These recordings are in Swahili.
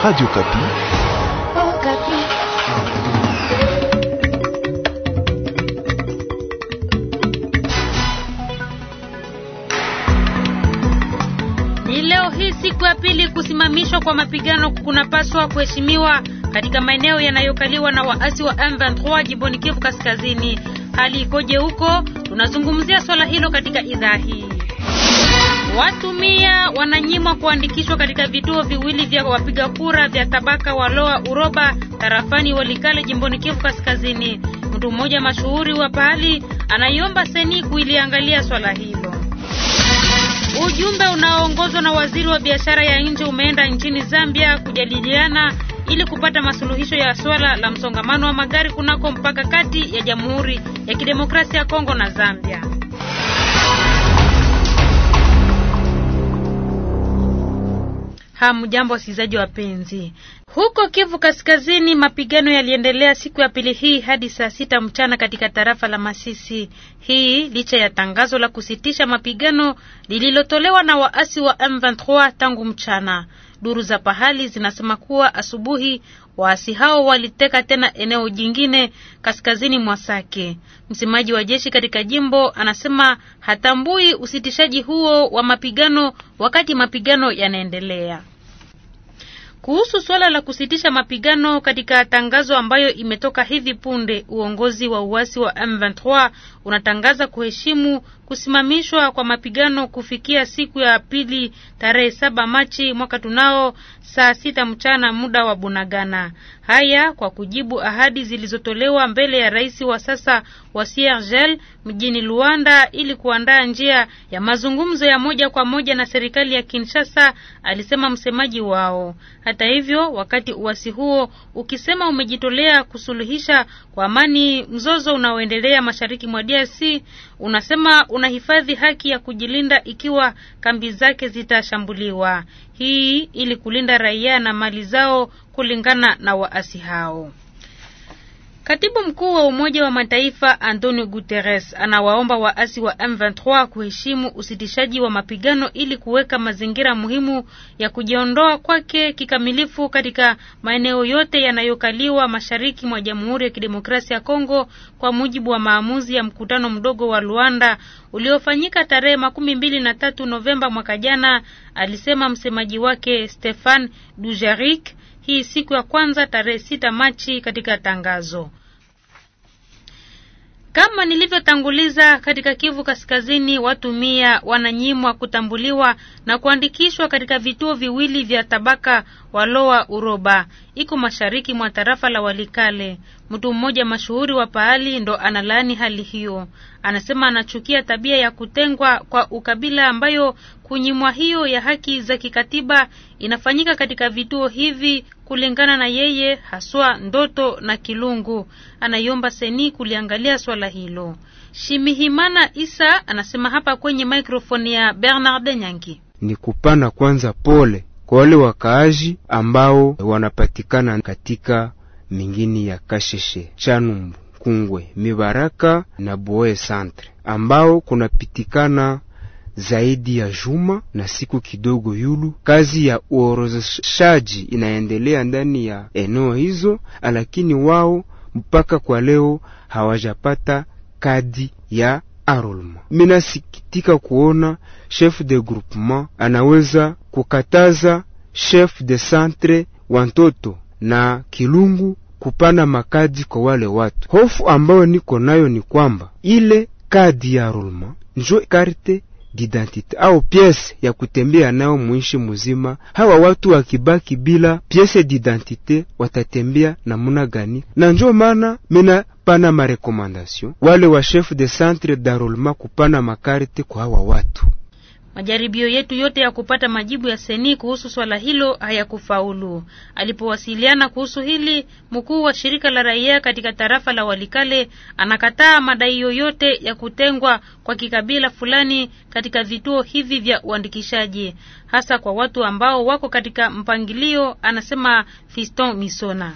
Radio Kapi. Oh, Kapi. Leo hii siku ya pili kusimamishwa kwa mapigano kunapaswa kuheshimiwa katika maeneo yanayokaliwa na waasi wa M23 jimboni Kivu Kaskazini. Hali ikoje huko? Tunazungumzia swala hilo katika idhaa hii. Watu mia wananyimwa kuandikishwa katika vituo viwili vya wapiga kura vya tabaka wa Loa Uroba tarafani Walikale jimboni Kivu Kaskazini. Mtu mmoja mashuhuri wa pahali anaiomba seni kuiliangalia swala hilo. Ujumbe unaoongozwa na waziri wa biashara ya nje umeenda nchini Zambia kujadiliana ili kupata masuluhisho ya swala la msongamano wa magari kunako mpaka kati ya Jamhuri ya Kidemokrasia ya Kongo na Zambia. Hamjambo wasikilizaji wapenzi. Huko Kivu Kaskazini, mapigano yaliendelea siku ya pili hii hadi saa sita mchana katika tarafa la Masisi. Hii licha ya tangazo la kusitisha mapigano lililotolewa na waasi wa M23 tangu mchana. Duru za pahali zinasema kuwa asubuhi waasi hao waliteka tena eneo jingine kaskazini mwa Sake. Msemaji wa jeshi katika jimbo anasema hatambui usitishaji huo wa mapigano wakati mapigano yanaendelea. Kuhusu suala la kusitisha mapigano, katika tangazo ambayo imetoka hivi punde, uongozi wa uasi wa M23 unatangaza kuheshimu kusimamishwa kwa mapigano kufikia siku ya pili tarehe saba Machi mwaka tunao saa sita mchana muda wa Bunagana. Haya kwa kujibu ahadi zilizotolewa mbele ya rais wa sasa wa Siergel mjini Luanda ili kuandaa njia ya mazungumzo ya moja kwa moja na serikali ya Kinshasa, alisema msemaji wao. Hata hivyo, wakati uasi huo ukisema umejitolea kusuluhisha kwa amani mzozo unaoendelea mashariki mwa DRC, Unasema unahifadhi haki ya kujilinda ikiwa kambi zake zitashambuliwa, hii ili kulinda raia na mali zao kulingana na waasi hao. Katibu mkuu wa Umoja wa Mataifa Antonio Guterres anawaomba waasi wa M23 kuheshimu usitishaji wa mapigano ili kuweka mazingira muhimu ya kujiondoa kwake kikamilifu katika maeneo yote yanayokaliwa mashariki mwa Jamhuri ya Kidemokrasia ya Kongo kwa mujibu wa maamuzi ya mkutano mdogo wa Luanda uliofanyika tarehe makumi mbili na tatu Novemba mwaka jana, alisema msemaji wake Stefan Dujarric hii siku ya kwanza tarehe sita Machi katika tangazo. Kama nilivyotanguliza, katika Kivu Kaskazini watu mia wananyimwa kutambuliwa na kuandikishwa katika vituo viwili vya tabaka Waloa Uroba iko mashariki mwa tarafa la Walikale. Mtu mmoja mashuhuri wa pahali ndo analaani hali hiyo, anasema anachukia tabia ya kutengwa kwa ukabila ambayo kunyimwa hiyo ya haki za kikatiba inafanyika katika vituo hivi, kulingana na yeye, haswa Ndoto na Kilungu. Anaiomba Seni kuliangalia swala hilo. Shimihimana Isa anasema hapa kwenye mikrofoni ya Bernard Nyangi. Ni kupana kwanza pole kwa wale wakaaji ambao wanapatikana katika mingini ya Kasheshe, Chanumbu, Kungwe, Mibaraka na Boe Centre ambao kunapitikana zaidi ya juma na siku kidogo yulu, kazi ya uorozeshaji inaendelea ndani ya eneo hizo, lakini wao mpaka kwa leo hawajapata kadi ya arolma. Minasikitika kuona chef de groupement anaweza kukataza chef de centre wa ntoto na kilungu kupana makadi kwa wale watu. Hofu ambayo niko nayo ni kwamba ile kadi ya rulma njo karte d'identité au piese ya kutembea nayo mwishi muzima. Hawa watu wakibaki bila piese d'identité watatembea namuna gani? Na njo maana mina pana marekomandasyon wale wa chef de centre d'arulma kupana makarte kwa hawa watu. Majaribio yetu yote ya kupata majibu ya Seni kuhusu swala hilo hayakufaulu. Alipowasiliana kuhusu hili, mkuu wa shirika la raia katika tarafa la Walikale anakataa madai yoyote ya kutengwa kwa kikabila fulani katika vituo hivi vya uandikishaji, hasa kwa watu ambao wako katika mpangilio, anasema Fiston Misona.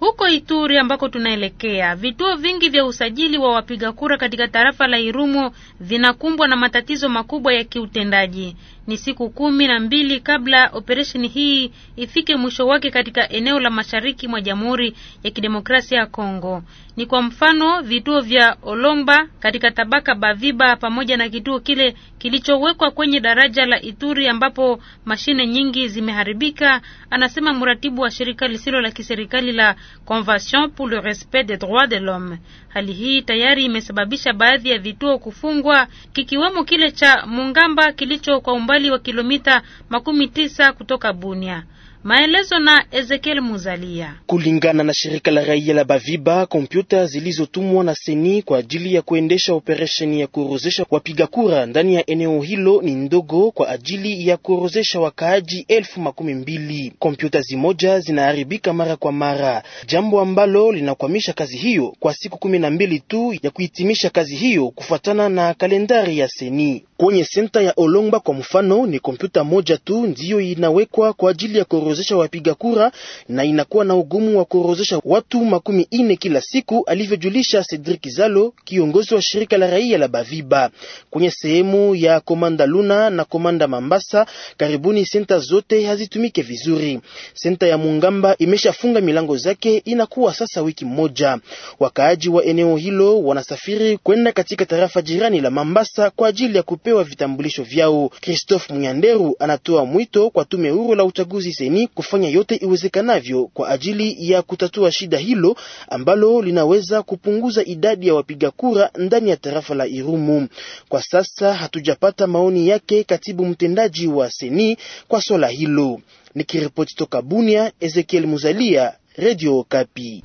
Huko Ituri ambako tunaelekea, vituo vingi vya usajili wa wapiga kura katika tarafa la Irumu vinakumbwa na matatizo makubwa ya kiutendaji. Ni siku kumi na mbili kabla operesheni hii ifike mwisho wake katika eneo la mashariki mwa Jamhuri ya Kidemokrasia ya Kongo. Ni kwa mfano vituo vya Olomba katika tabaka Baviba pamoja na kituo kile kilichowekwa kwenye daraja la Ituri ambapo mashine nyingi zimeharibika, anasema mratibu wa shirika lisilo la kiserikali la Convention pour le respect des droits de l'homme. Hali hii tayari imesababisha baadhi ya vituo kufungwa kikiwemo kile cha Mungamba kilicho kwa umbali wa kilomita makumi tisa kutoka Bunia. Maelezo na Ezekiel Muzalia. Kulingana na shirika la raia la Baviba, kompyuta zilizotumwa na Seni kwa ajili ya kuendesha operesheni ya kuorozesha wapiga kura ndani ya eneo hilo ni ndogo kwa ajili ya kuorozesha wakaaji elfu makumi mbili. Kompyuta zimoja zinaharibika mara kwa mara, jambo ambalo linakwamisha kazi hiyo kwa siku kumi na mbili tu ya kuhitimisha kazi hiyo kufuatana na kalendari ya Seni. Kwenye senta ya Olongba kwa mfano, ni kompyuta moja tu ndiyo inawekwa kwa ajili ya kuorozesha kuorozesha wapiga kura na inakuwa na ugumu wa kuorozesha watu makumi ine kila siku, alivyojulisha Cedric Zalo, kiongozi wa shirika la raia la Baviba kwenye sehemu ya Komanda Luna na Komanda Mambasa. Karibuni senta zote hazitumike vizuri. Senta ya Mungamba imeshafunga milango zake, inakuwa sasa wiki moja. Wakaaji wa eneo hilo wanasafiri kwenda katika tarafa jirani la Mambasa kwa ajili ya kupewa vitambulisho vyao. Christophe Munyanderu anatoa mwito kwa tume huru la uchaguzi seni Marekani kufanya yote iwezekanavyo kwa ajili ya kutatua shida hilo ambalo linaweza kupunguza idadi ya wapiga kura ndani ya tarafa la Irumu. Kwa sasa hatujapata maoni yake katibu mtendaji wa Seni kwa swala hilo. Nikiripoti toka Bunia, Ezekiel Muzalia, Radio Kapi.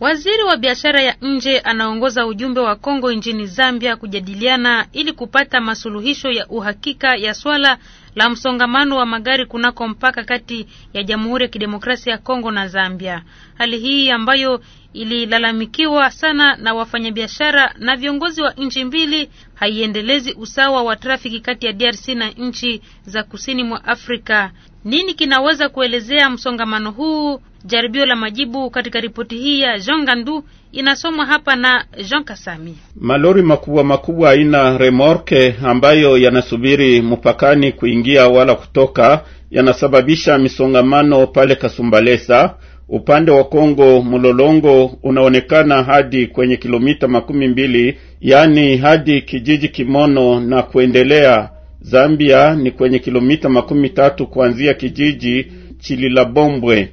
Waziri wa biashara ya nje anaongoza ujumbe wa Kongo nchini Zambia kujadiliana ili kupata masuluhisho ya uhakika ya swala la msongamano wa magari kunako mpaka kati ya Jamhuri ya Kidemokrasia ya Kongo na Zambia. Hali hii ambayo ililalamikiwa sana na wafanyabiashara na viongozi wa nchi mbili haiendelezi usawa wa trafiki kati ya DRC na nchi za kusini mwa Afrika. Nini kinaweza kuelezea msongamano huu? Jaribio la majibu katika ripoti hii ya Jean Gandu inasomwa hapa na Jean Kasami. Malori makubwa makubwa aina remorke ambayo yanasubiri mpakani kuingia wala kutoka yanasababisha misongamano pale Kasumbalesa. Upande wa Kongo mlolongo unaonekana hadi kwenye kilomita makumi mbili, yaani hadi kijiji Kimono na kuendelea. Zambia ni kwenye kilomita makumi tatu kuanzia kijiji Chililabombwe.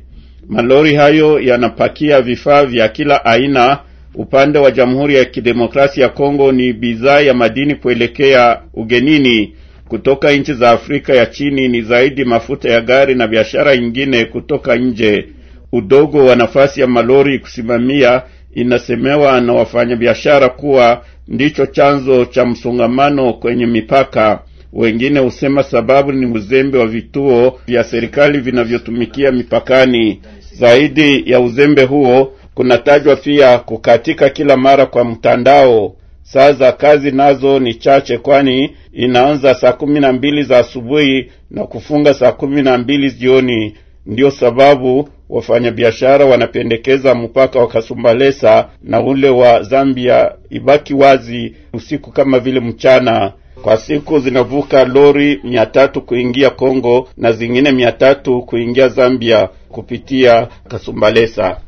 Malori hayo yanapakia vifaa vya kila aina. Upande wa Jamhuri ya Kidemokrasia ya Kongo ni bidhaa ya madini kuelekea ugenini. Kutoka nchi za Afrika ya chini ni zaidi mafuta ya gari na biashara nyingine kutoka nje. Udogo wa nafasi ya malori kusimamia inasemewa na wafanyabiashara kuwa ndicho chanzo cha msongamano kwenye mipaka. Wengine husema sababu ni uzembe wa vituo vya serikali vinavyotumikia mipakani. Zaidi ya uzembe huo, kunatajwa pia kukatika kila mara kwa mtandao. Saa za kazi nazo ni chache, kwani inaanza saa kumi na mbili za asubuhi na kufunga saa kumi na mbili jioni. Ndiyo sababu wafanyabiashara wanapendekeza mpaka wa Kasumbalesa na ule wa Zambia ibaki wazi usiku kama vile mchana. Kwa siku zinavuka lori mia tatu kuingia Kongo na zingine mia tatu kuingia Zambia kupitia Kasumbalesa.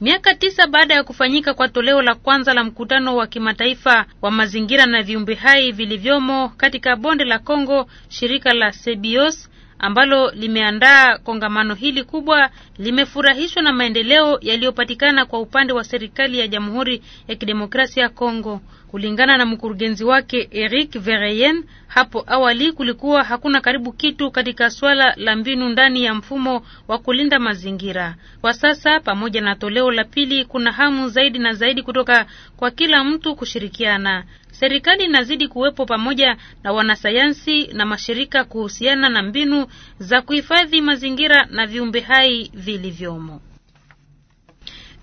Miaka tisa baada ya kufanyika kwa toleo la kwanza la mkutano wa kimataifa wa mazingira na viumbe hai vilivyomo katika bonde la Kongo, shirika la Sebios ambalo limeandaa kongamano hili kubwa limefurahishwa na maendeleo yaliyopatikana kwa upande wa serikali ya Jamhuri ya Kidemokrasia ya Kongo. Kulingana na mkurugenzi wake Eric Vereyen, hapo awali kulikuwa hakuna karibu kitu katika swala la mbinu ndani ya mfumo wa kulinda mazingira. Kwa sasa, pamoja na toleo la pili, kuna hamu zaidi na zaidi kutoka kwa kila mtu kushirikiana serikali inazidi kuwepo pamoja na wanasayansi na mashirika kuhusiana na mbinu za kuhifadhi mazingira na viumbe hai vilivyomo.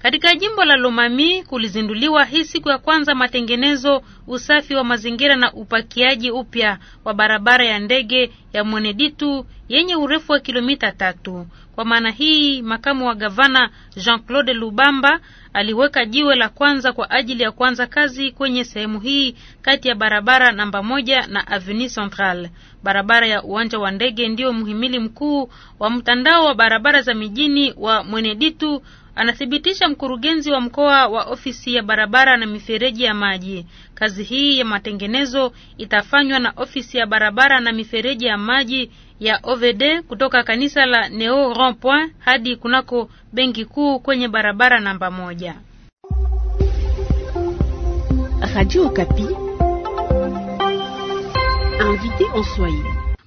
Katika jimbo la Lomami kulizinduliwa hii siku ya kwanza matengenezo, usafi wa mazingira na upakiaji upya wa barabara ya ndege ya Mweneditu yenye urefu wa kilomita tatu. Kwa maana hii, makamu wa gavana Jean-Claude Lubamba aliweka jiwe la kwanza kwa ajili ya kuanza kazi kwenye sehemu hii kati ya barabara namba moja na Avenue Centrale. Barabara ya uwanja wa ndege ndiyo mhimili mkuu wa mtandao wa barabara za mijini wa Mweneditu, anathibitisha mkurugenzi wa mkoa wa ofisi ya barabara na mifereji ya maji. Kazi hii ya matengenezo itafanywa na ofisi ya barabara na mifereji ya maji ya OVD kutoka kanisa la Neo Grand Point hadi kunako benki kuu kwenye barabara namba moja. Radio Kapi. Invité en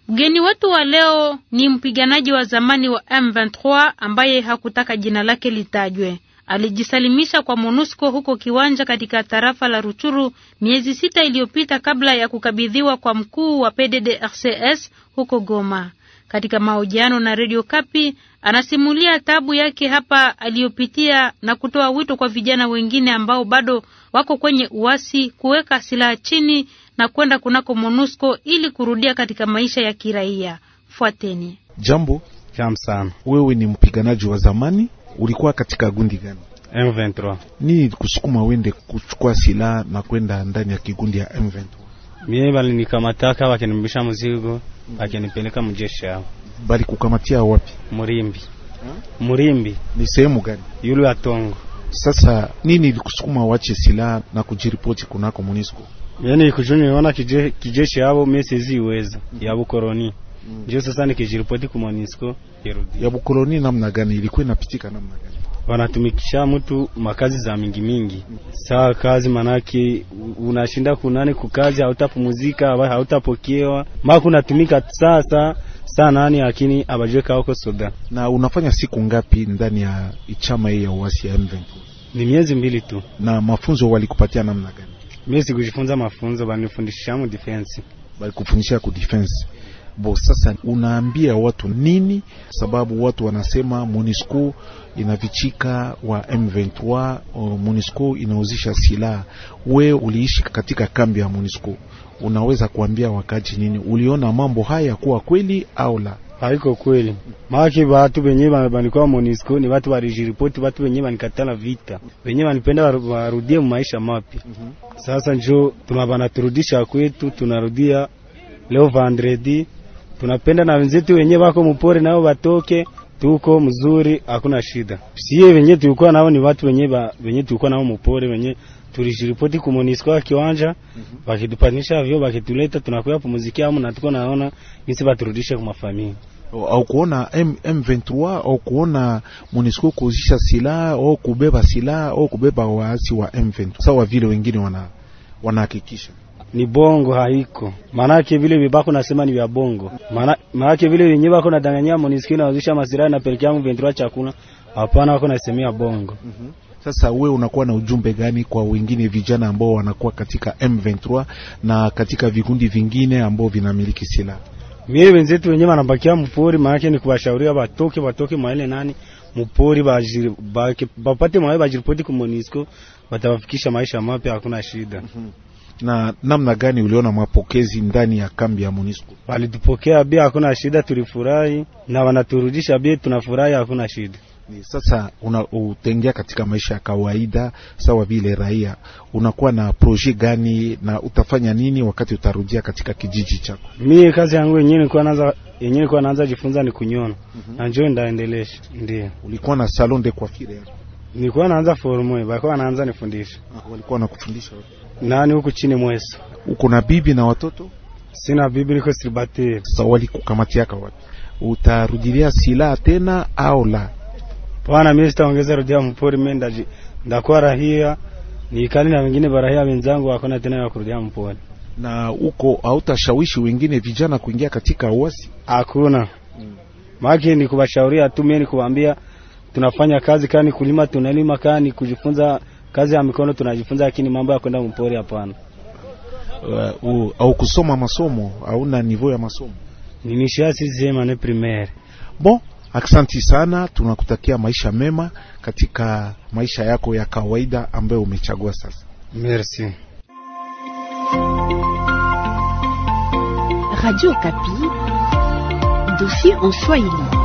Mgeni wetu wa leo ni mpiganaji wa zamani wa M23 ambaye hakutaka jina lake litajwe alijisalimisha kwa MONUSCO huko Kiwanja katika tarafa la Ruchuru miezi sita iliyopita kabla ya kukabidhiwa kwa mkuu wa PDDRCS huko Goma. Katika mahojiano na Radio Kapi anasimulia tabu yake hapa aliyopitia na kutoa wito kwa vijana wengine ambao bado wako kwenye uasi kuweka silaha chini na kwenda kunako MONUSCO ili kurudia katika maisha ya kiraia. Fuateni. Jambo. Jam sana. Wewe ni mpiganaji wa zamani Ulikuwa katika gundi gani? M23. Ni kusukuma wende kuchukua silaha na kwenda ndani ya kigundi ya M23? Mimi bali nikamataka, wakinimbisha mzigo, wakinipeleka mjeshi yao. Bali kukamatia wapi? Murimbi. Ha? Murimbi. Ni sehemu gani? Yulu ya Tongo. Sasa nini ilikusukuma wache silaha na kujiripoti kunako Munisco? Yani kujuni ona kijeshi kije yabo mesizi iweza mm -hmm. ya bukoroni Mm. Ndio sasa nikijiripoti kwa MONUSCO Ya bukoloni namna gani ilikuwa inapitika namna gani? Wanatumikisha mtu makazi za mingi mingi. Sawa kazi manake unashinda kunani kukazi hautapumzika au hautapokewa. Mako unatumika sasa sana nani lakini abajue kaoko soda. Na unafanya siku ngapi ndani ya ichama hii ya uasi ya M23? Ni miezi mbili tu. Na mafunzo walikupatia namna gani? Mimi sikujifunza mafunzo, banifundisha mu defense. Balikufundisha ku defense. Bo sasa unaambia watu nini? Sababu watu wanasema MONUSCO inavichika wa M23, MONUSCO inauzisha silaha. We uliishi katika kambi ya MONUSCO, unaweza kuambia wakati nini? Uliona mambo haya kuwa kweli au la? Haiko kweli maki watu wenye banikuwa MONUSCO ni watu walijiripoti, watu wenye banikatala vita, wenye banipenda warudie maisha mapi. Mhm. Sasa njo tunabanturudisha kwetu, tunarudia leo vendredi tunapenda na wenzetu wenye wako mpore nao watoke tuko mzuri, hakuna shida. Sie wenye tulikuwa nao ni watu wenye ba, wenye tulikuwa nao mpore wenye tulishiripoti ku MONUSCO wa kiwanja mm -hmm. vyo wakituleta, tunakuya pumuzikia amu natuko naona jinsi baturudisha kwa mafamilia oh, au kuona M, M23 au kuona MONUSCO kuzisha silaha au kubeba silaha au kubeba waasi wa M23 sawa vile wengine wana wanahakikisha ni bongo haiko, maanake vile vibako nasema ni vya bongo, maanake vile wenye bako nadanganyia Monisco nawazisha masirahi na peleke yangu ventura chakula, hapana, wako nasemea bongo. mm -hmm. Sasa we unakuwa na ujumbe gani kwa wengine vijana ambao wanakuwa katika M23 na katika vikundi vingine ambao vinamiliki silaha? Mimi wenzetu wenyewe wanabakia mpori, maanake ni kuwashauria watoke, watoke mwaile nani mpori bajiri bapate mwawe bajiripoti ku Monisco, watawafikisha maisha mapya, hakuna shida. mm -hmm na namna gani uliona mapokezi ndani ya kambi ya Munisco? Walitupokea bia, hakuna shida, tulifurahi na wanaturudisha bia, tunafurahi, hakuna shida. Sasa utengea katika maisha ya kawaida sawa vile raia, unakuwa na proje gani na utafanya nini wakati utarudia katika kijiji chako? Mimi kazi yangu yenyewe nilikuwa naanza yenyewe nilikuwa naanza jifunza ni kunyona mm -hmm. na njoo ndaendelesha. Ndio ulikuwa na salon de coiffure yako? Nilikuwa naanza formo, walikuwa wanaanza nifundisha. Ah, walikuwa wanakufundisha? nani huku chini mweso. Uko na bibi na watoto? Sina bibi, niko siribatiri. Sasa walikukamatia wapi? Utarudilia silaha tena au la? Bwana, mimi sitaongeza rudia mpori, mimi ndaji ndakuwa rahia nikali na wengine barahia wenzangu, hakuna tena ya kurudia mpori. Na huko hautashawishi wengine vijana kuingia katika uasi? Hakuna hmm. Maki ni kubashauria tu, mimi ni kuambia tunafanya kazi kani kulima, tunalima kani kujifunza kazi ya mikono tunajifunza, lakini mambo ya kwenda mpori hapana. Uh, au kusoma masomo na niveau ya masomo nimishia siziemane primaire. Bon, aksanti sana, tunakutakia maisha mema katika maisha yako ya kawaida ambayo umechagua sasa. Merci. Radio Kapi, dossier en Swahili.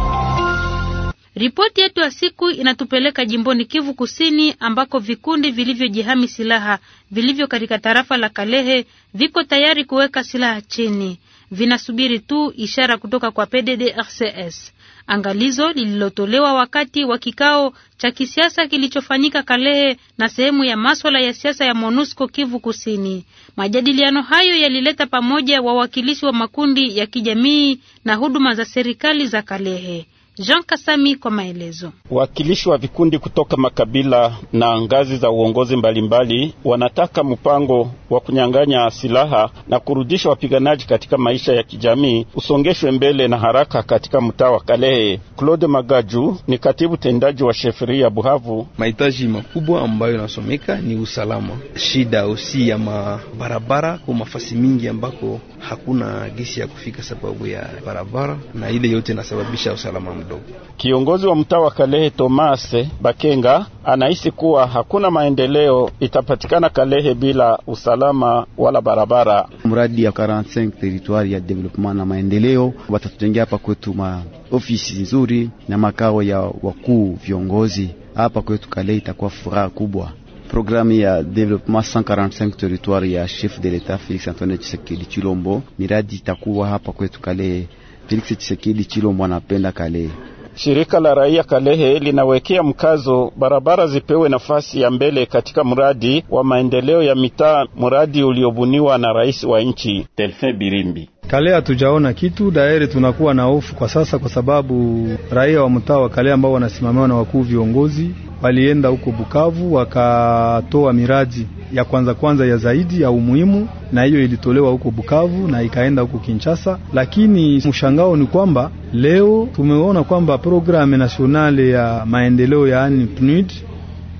Ripoti yetu ya siku inatupeleka jimboni Kivu Kusini ambako vikundi vilivyojihami silaha vilivyo katika tarafa la Kalehe viko tayari kuweka silaha chini, vinasubiri tu ishara kutoka kwa PDDRCS. Angalizo lililotolewa wakati wa kikao cha kisiasa kilichofanyika Kalehe na sehemu ya maswala ya siasa ya MONUSCO Kivu Kusini. Majadiliano hayo yalileta pamoja wawakilishi wa makundi ya kijamii na huduma za serikali za Kalehe. Jean Kasami kwa maelezo. Wakilishi wa vikundi kutoka makabila na ngazi za uongozi mbalimbali mbali, wanataka mpango wa kunyang'anya silaha na kurudisha wapiganaji katika maisha ya kijamii usongeshwe mbele na haraka katika mtaa wa Kalehe. Claude Magaju ni katibu tendaji wa sheferi ya Buhavu. Mahitaji makubwa ambayo inasomeka ni usalama, shida usi ya mabarabara kwa mafasi mingi ambako hakuna gesi ya kufika sababu ya barabara, na ile yote inasababisha usalama kidogo. Kiongozi wa mtaa wa Kalehe Tomase Bakenga anahisi kuwa hakuna maendeleo itapatikana Kalehe bila usalama wala barabara. Mradi ya 45 territoire ya development na maendeleo watatujengea hapa kwetu ma ofisi nzuri na makao ya wakuu viongozi hapa kwetu Kalehe, itakuwa furaha kubwa. Programu ya development 145 territoire ya chef de l'etat Felix Antoine Tshisekedi Chilombo, miradi itakuwa hapa kwetu Kalehe. Felix Chisekedi Chilombo anapenda Kalehe. Shirika la raia Kalehe linawekea mkazo barabara zipewe nafasi ya mbele katika mradi wa maendeleo ya mitaa, mradi uliobuniwa na rais wa nchi Delphin Birimbi. Kalehe hatujaona kitu daeri, tunakuwa na hofu kwa sasa, kwa sababu raia wa mtaa wa Kalehe ambao wanasimamiwa na wakuu viongozi walienda huko Bukavu wakatoa miradi ya kwanza kwanza ya zaidi ya umuhimu, na hiyo ilitolewa huko Bukavu na ikaenda huko Kinshasa. Lakini mshangao ni kwamba leo tumeona kwamba programu nasionale ya maendeleo yaani PNUD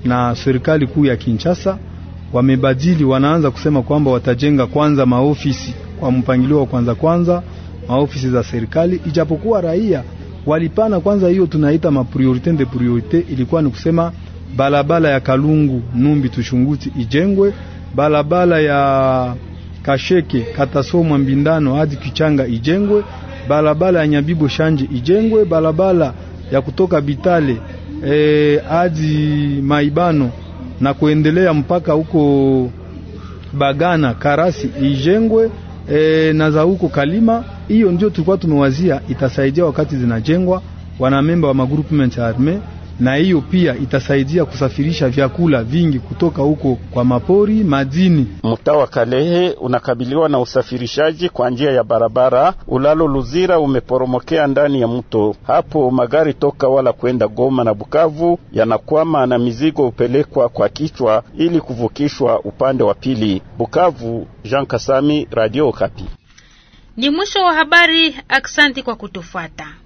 na serikali kuu ya Kinshasa wamebadili, wanaanza kusema kwamba watajenga kwanza maofisi kwa mpangilio wa kwanza kwanza maofisi za serikali, ijapokuwa raia walipana kwanza, hiyo tunaita mapriorite de priorite, ilikuwa ni kusema balabala ya Kalungu Numbi Tushunguti ijengwe, balabala ya Kasheke Katasomwa Mbindano hadi Kichanga ijengwe, balabala ya Nyabibo Shanje ijengwe, balabala ya kutoka Bitale eh, hadi e, Maibano na kuendelea mpaka huko Bagana Karasi ijengwe e, na za huko Kalima. Hiyo ndio tulikuwa tumewazia itasaidia wakati zinajengwa wanamemba wa magroupement arme na hiyo pia itasaidia kusafirisha vyakula vingi kutoka huko kwa mapori madini. Mtaa wa Kalehe unakabiliwa na usafirishaji kwa njia ya barabara. Ulalo Luzira umeporomokea ndani ya mto, hapo magari toka wala kwenda Goma na Bukavu yanakwama na mizigo upelekwa kwa kichwa ili kuvukishwa upande wa pili. Bukavu, Jean Kasami, Radio Kapi. Ni mwisho wa habari. Aksanti kwa kutufuata.